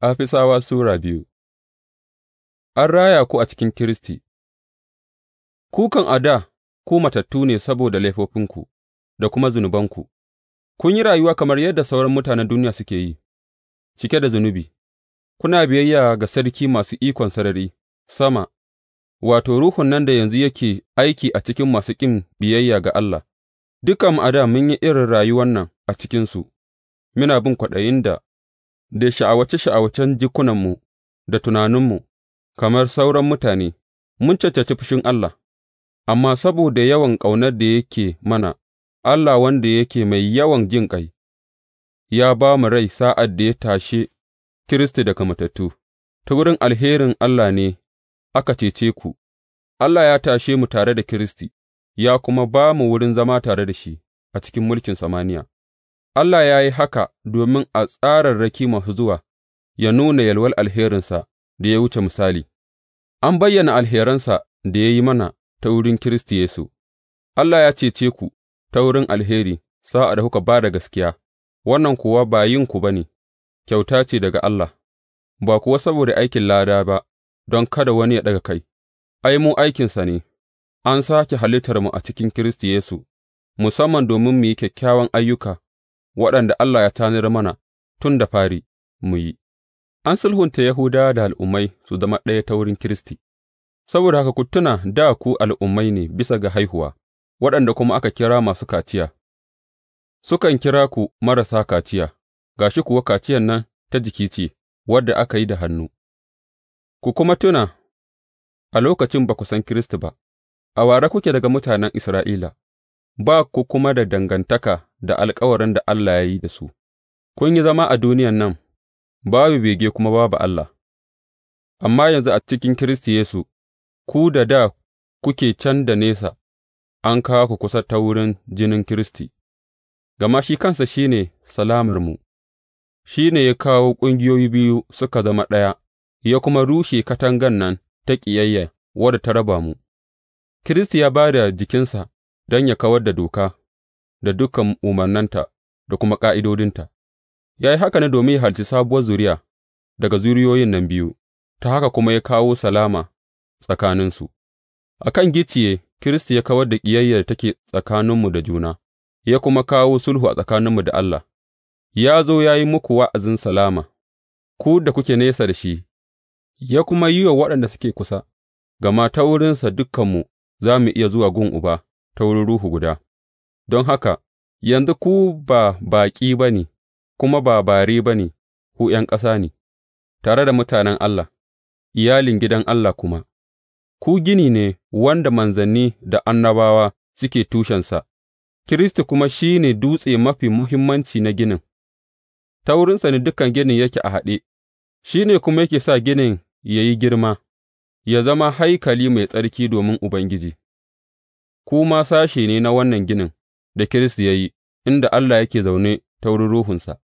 Afisawa Sura biyu An raya ku a cikin Kiristi Kukan a da ku matattu ne saboda laifofinku da kuma zunubanku, kun yi rayuwa kamar yadda sauran mutanen duniya suke yi, cike da zunubi, kuna biyayya ga sarki masu ikon sarari sama, wato, ruhun nan da yanzu yake aiki a cikin masu ƙin biyayya ga Allah, dukan a da mun yi irin rayuwan nan a cikinsu, muna bin kwaɗayin da da sha'awace sha'awacen jikunanmu da tunaninmu, kamar sauran mutane, mun cancanci fushin Allah, amma saboda yawan ƙaunar da yake mana, Allah wanda yake mai yawan jin ƙai, ya ba mu rai sa'ad da ya tashe Kiristi daga matattu, ta wurin alherin Allah ne aka cece ku, Allah ya tashe mu tare da Kiristi, ya kuma ba mu wurin zama tare da shi a cikin mulkin samaniya. Allah ya yi haka domin a tsararraki masu zuwa ya nuna yalwal alherinsa da ya wuce misali, an bayyana alheransa da ya yi mana ta wurin Kiristi Yesu, Allah ya cece ku ta wurin alheri sa'a da kuka ba da gaskiya, wannan kuwa ba yinku ba ne, kyauta ce daga Allah, ba kuwa saboda aikin lada ba, don kada wani ya ɗaga kai, ai, mu aikinsa ne, an sake halittar mu a cikin Kiristi Yesu, musamman domin mu yi kyakkyawan ayyuka waɗanda Allah ya tanar mana tun da fari mu yi. An sulhunta Yahudawa da al'ummai su zama ɗaya ta wurin Kiristi, saboda haka ku tuna da ku al'ummai ne bisa ga haihuwa, waɗanda kuma aka kira masu kaciya, sukan kira ku marasa kaciya, ga shi kuwa kaciyan nan ta jiki ce, wadda aka yi da hannu. Ku kuma tuna, a lokacin ba ku san Kiristi ba, a ware kuke daga mutanen Isra'ila, ba ku kuma da dangantaka da alkawarin da Allah ya yi da su, kun yi zama a duniyan nan, babu bege kuma babu Allah, amma yanzu a cikin Kiristi Yesu, ku da da kuke can da nesa, an kawo ku kusa ta wurin jinin Kiristi, gama shi kansa shi ne salamarmu, shi ne ya kawo ƙungiyoyi biyu suka zama ɗaya, ya kuma rushe katangan nan ta ƙiyayya wadda ta raba mu. Kiristi ya ba da jikinsa don ya kawar da doka da dukan umarnanta da kuma ƙa'idodinta, ya yi haka ne domin ya harci sabuwar zuriya daga zuriyoyin nan biyu, ta haka kuma ya kawo salama tsakaninsu. A kan gicciye, Kiristi ya kawar da ƙiyayyar da take tsakaninmu da juna, ya kuma kawo sulhu a tsakaninmu da Allah, ya zo ya yi muku wa'azin salama, ku da kuke nesa da shi, ya kuma yi wa waɗanda suke kusa, gama ta wurinsa dukanmu za mu iya zuwa gun Uba ta wurin Ruhu guda. Don haka, yanzu ku ba baƙi ba ne, kuma ba bare ba ne, ku ’yan ƙasa ne, tare da mutanen Allah, iyalin gidan Allah kuma, ku gini ne wanda manzanni da annabawa suke tushensa, Kiristi kuma shi ne dutse mafi muhimmanci na ginin, ta wurinsa ne dukan ginin yake a haɗe, shi ne kuma yake sa ginin ya yi girma, ya zama haikali mai tsarki domin Ubangiji, ku ma sashe ne na wannan ginin. da Kiristi ya yi, inda Allah yake zaune ta wurin Ruhunsa.